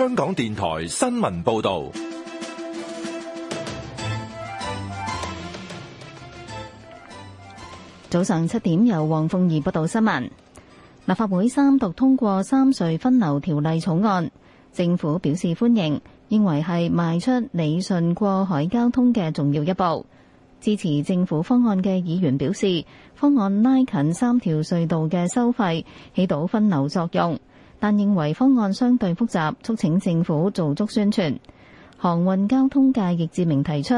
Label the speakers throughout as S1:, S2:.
S1: 香港電台新聞報道，
S2: 早上七點由黃鳳儀報道新聞。立法會三讀通過三隧分流條例草案，政府表示歡迎，認為係邁出理順過海交通嘅重要一步。支持政府方案嘅議員表示，方案拉近三條隧道嘅收費，起到分流作用。但認為方案相對複雜，促請政府做足宣傳。航運交通界易志明提出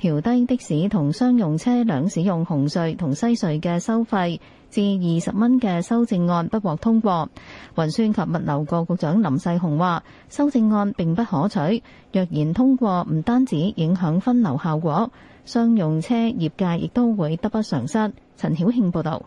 S2: 調低的士同商用車輛使用紅隧同西隧嘅收費至二十蚊嘅修正案不獲通過。運輸及物流局局長林世雄話：修正案並不可取，若然通過，唔單止影響分流效果，商用車業界亦都會得不償失。陳曉慶報導。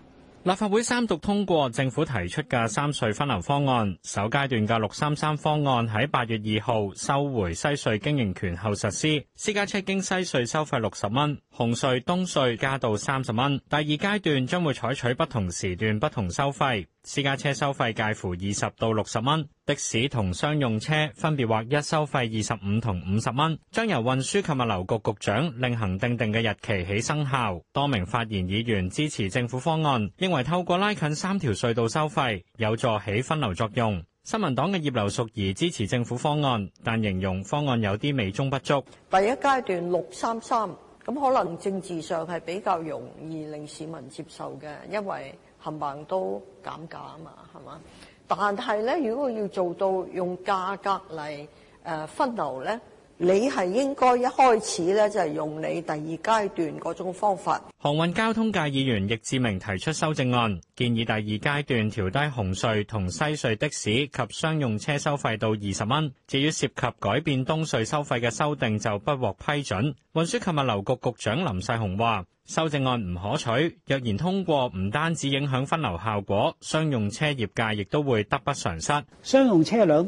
S1: 立法會三讀通過政府提出嘅三隧分流方案，首階段嘅六三三方案喺八月二號收回西隧經營權後實施，私家車經西隧收費六十蚊，紅隧、東隧加到三十蚊。第二階段將會採取不同時段不同收費。私家車收費介乎二十到六十蚊，的士同商用車分別劃一收費二十五同五十蚊，將由運輸及物流局局長另行訂定嘅日期起生效。多名發言議員支持政府方案，認為透過拉近三條隧道收費有助起分流作用。新民黨嘅葉劉淑儀支持政府方案，但形容方案有啲美中不足。第一階段六三三。咁可能政治上係比較容易令市民接受嘅，因為冚唪唥都減價啊嘛，係嘛？但係咧，如果要做到用價格嚟誒分流咧，你係應該一開始咧，就係用你第二階段嗰種方法。航運交通界議員易志明提出修正案，建議第二階段調低紅隧同西隧的士及商用車收費到二十蚊。至於涉及改變東隧收費嘅修訂，就不獲批准。運輸及物流局局長林世雄話：修正案唔可取，若然通過，唔單止影響分流效果，商用車業界亦都會得不償失。商用車輛。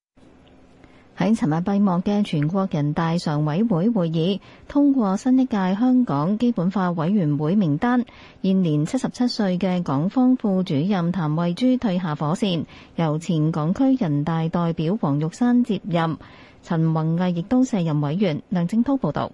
S2: 喺尋日閉幕嘅全國人大常委會會議通過新一屆香港基本法委員會名單，現年七十七歲嘅港方副主任譚慧珠退下火線，由前港區人大代表黃玉山接任，陳宏毅亦都卸任委員。梁正滔報導，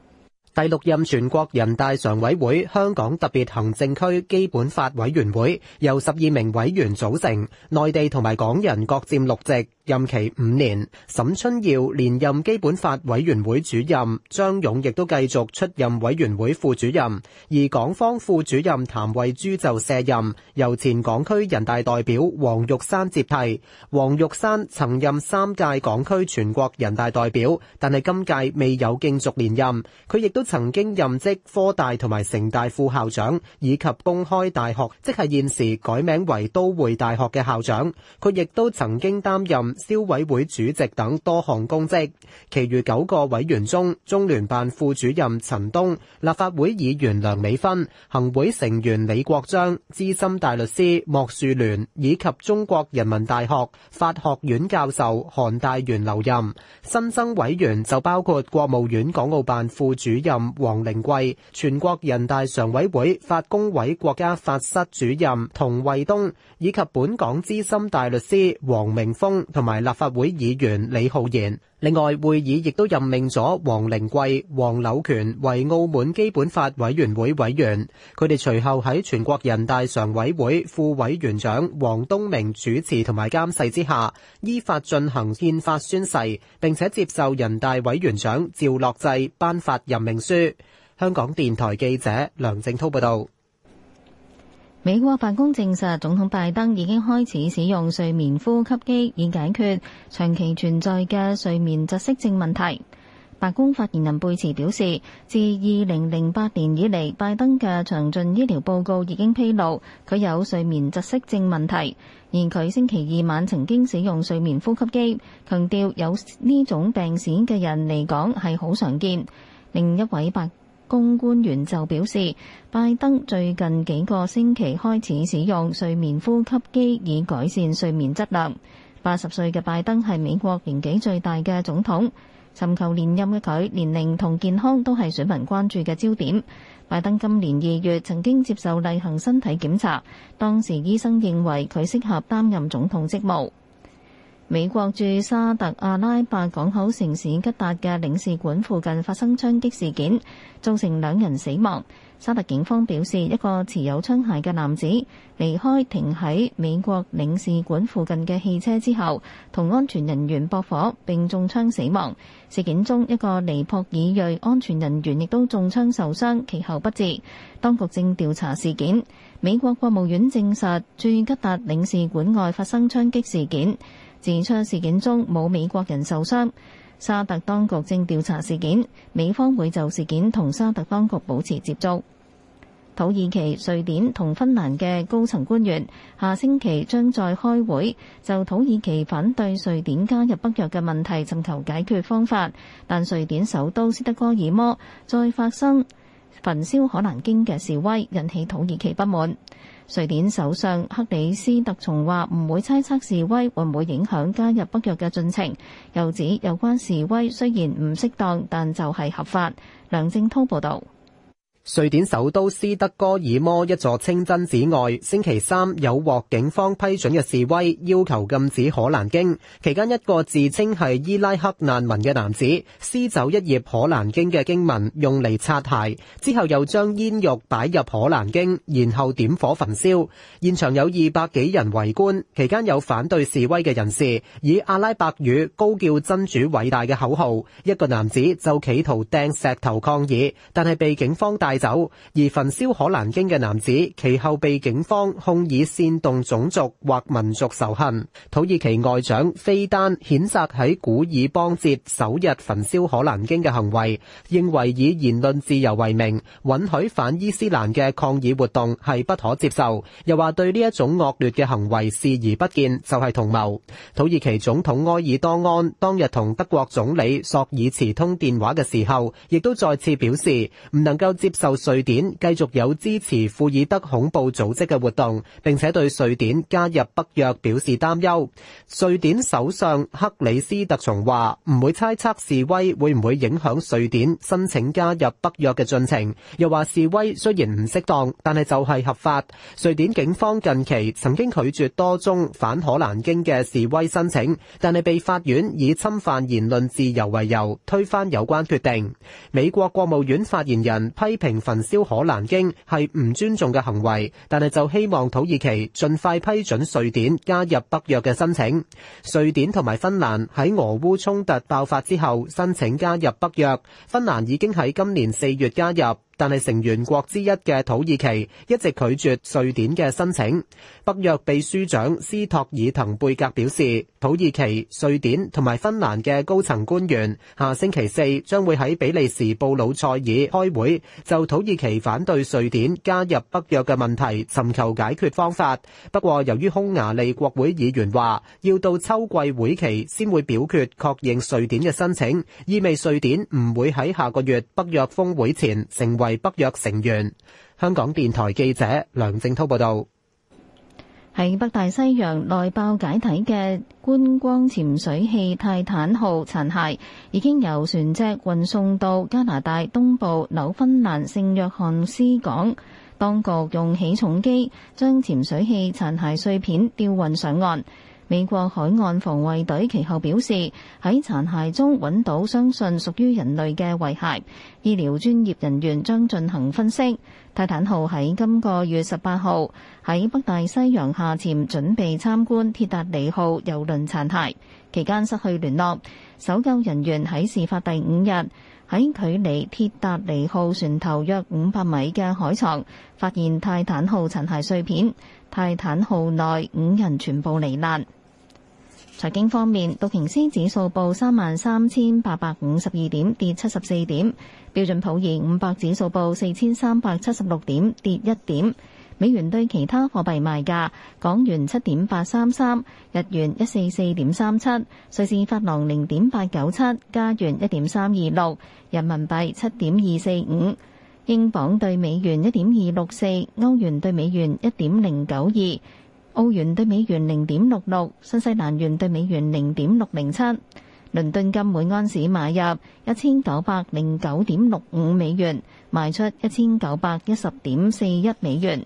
S3: 第六任全國人大常委會香港特別行政區基本法委員會由十二名委員組成，內地同埋港人各佔六席。任期五年，沈春耀連任基本法委員會主任，張勇亦都繼續出任委員會副主任，而港方副主任譚慧珠就卸任，由前港區人大代表黃玉山接替。黃玉山曾任三屆港區全國人大代表，但係今屆未有競逐連任。佢亦都曾經任職科大同埋城大副校長，以及公開大學，即係現時改名為都會大學嘅校長。佢亦都曾經擔任。消委會主席等多項公職，其餘九個委員中，中聯辦副主任陳東、立法會議員梁美芬、行會成員李國章、資深大律師莫樹聯以及中國人民大學法學院教授韓大元留任。新增委員就包括國務院港澳辦副主任王靈桂、全國人大常委會法工委國家法室主任童衛東，以及本港資深大律師黃明峰同同埋立法會議員李浩然，另外會議亦都任命咗王靈桂、王柳權為澳門基本法委員會委員。佢哋隨後喺全國人大常委會副委員長王東明主持同埋監誓之下，依法進行憲法宣誓，並且接受人大委員長趙樂際頒發任命書。香港電台記者梁正滔報導。
S2: 美國白宮證實，總統拜登已經開始使用睡眠呼吸機，以解決長期存在嘅睡眠窒息症問題。白宮發言人貝茨表示，自二零零八年以嚟，拜登嘅詳盡醫療報告已經披露，佢有睡眠窒息症問題，而佢星期二晚曾經使用睡眠呼吸機。強調有呢種病史嘅人嚟講係好常見。另一位白公官員就表示，拜登最近幾個星期開始使用睡眠呼吸機以改善睡眠質量。八十歲嘅拜登係美國年紀最大嘅總統，尋求連任嘅佢，年齡同健康都係選民關注嘅焦點，拜登今年二月曾經接受例行身體檢查，當時醫生認為佢適合擔任總統職務。美國駐沙特阿拉伯港口城市吉達嘅領事館附近發生槍擊事件，造成兩人死亡。沙特警方表示，一個持有槍械嘅男子離開停喺美國領事館附近嘅汽車之後，同安全人員駁火並中槍死亡。事件中，一個尼泊爾裔安全人員亦都中槍受傷，其後不治。當局正調查事件。美國國務院證實，駐吉達領事館外發生槍擊事件。自槍事件中冇美國人受傷，沙特當局正調查事件，美方會就事件同沙特當局保持接觸。土耳其、瑞典同芬蘭嘅高層官員下星期將再開會，就土耳其反對瑞典加入北約嘅問題尋求解決方法，但瑞典首都斯德哥爾摩再發生焚燒可蘭經嘅示威，引起土耳其不滿。瑞典首相克里斯特松話唔會猜測示威會唔會影響加入北約嘅進程，又指有關示威雖然唔適當，但就係合法。梁正濤報道。
S3: 瑞典首都斯德哥爾摩一座清真寺外，星期三有獲警方批准嘅示威，要求禁止可蘭經。期間，一個自稱係伊拉克難民嘅男子撕走一頁可蘭經嘅經文，用嚟擦鞋，之後又將煙肉擺入可蘭經，然後點火焚燒。現場有二百幾人圍觀，期間有反對示威嘅人士以阿拉伯語高叫真主偉大嘅口號。一個男子就企圖掟石頭抗議，但係被警方帶走而焚燒可蘭經嘅男子，其後被警方控以煽動種族或民族仇恨。土耳其外長菲丹譴責喺古爾邦節首日焚燒可蘭經嘅行為，認為以言論自由為名，允許反伊斯蘭嘅抗議活動係不可接受。又話對呢一種惡劣嘅行為視而不見就係同謀。土耳其總統埃爾多安當日同德國總理朔爾茨通電話嘅時候，亦都再次表示唔能夠接受。由瑞典繼續有支持庫爾德恐怖組織嘅活動，並且對瑞典加入北約表示擔憂。瑞典首相克里斯特松話唔會猜測示威會唔會影響瑞典申請加入北約嘅進程，又話示威雖然唔適當，但係就係合法。瑞典警方近期曾經拒絕多宗反可蘭經嘅示威申請，但係被法院以侵犯言論自由為由推翻有關決定。美國國務院發言人批評。焚燒可蘭經係唔尊重嘅行為，但係就希望土耳其盡快批准瑞典加入北約嘅申請。瑞典同埋芬蘭喺俄烏衝突爆發之後申請加入北約，芬蘭已經喺今年四月加入。但係成員國之一嘅土耳其一直拒絕瑞典嘅申請。北約秘書長斯托爾滕貝格表示，土耳其、瑞典同埋芬蘭嘅高層官員下星期四將會喺比利時布魯塞爾開會，就土耳其反對瑞典加入北約嘅問題尋求解決方法。不過，由於匈牙利國會議員話要到秋季會期先會表決確認瑞典嘅申請，意味瑞典唔會喺下個月北約峰會前成為係北約成員，香港電台記者梁正濤報道。
S2: 喺北大西洋內爆解體嘅觀光潛水器泰坦號殘骸，已經由船隻運送到加拿大東部紐芬蘭聖約翰斯港。當局用起重機將潛水器殘骸碎片吊運上岸。美國海岸防衛隊其後表示，喺殘骸中揾到相信屬於人類嘅遺骸，醫療專業人員將進行分析。泰坦號喺今個月十八號喺北大西洋下潛，準備參觀鐵達尼號郵輪殘骸期間失去聯絡，搜救人員喺事發第五日，喺距離鐵達尼號船頭約五百米嘅海床，發現泰坦號殘骸碎片。泰坦號內五人全部罹難。財經方面，道瓊斯指數報三萬三千八百五十二點，跌七十四點；標準普爾五百指數報四千三百七十六點，跌一點。美元對其他貨幣賣價：港元七點八三三，日元一四四點三七，瑞士法郎零點八九七，加元一點三二六，人民幣七點二四五，英鎊對美元一點二六四，歐元對美元一點零九二，澳元對美元零點六六，新西蘭元對美元零點六零七。倫敦金每安士買入一千九百零九點六五美元，賣出一千九百一十點四一美元。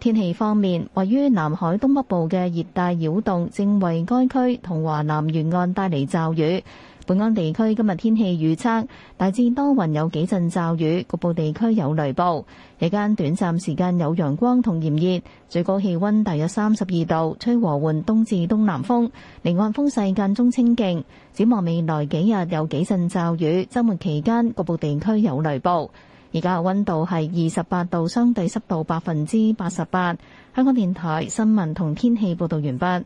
S2: 天氣方面，位於南海東北部嘅熱帶擾動正為該區同華南沿岸帶嚟驟雨。本港地區今日天氣預測大致多雲，有幾陣驟雨，局部地區有雷暴。日間短暫時間有陽光同炎熱，最高氣溫大約三十二度，吹和緩東至東南風，離岸風勢間中清勁。展望未來幾日有幾陣驟雨，週末期間局部地區有雷暴。而家嘅溫度係二十八度，相對濕度百分之八十八。香港電台新聞同天氣報道完畢。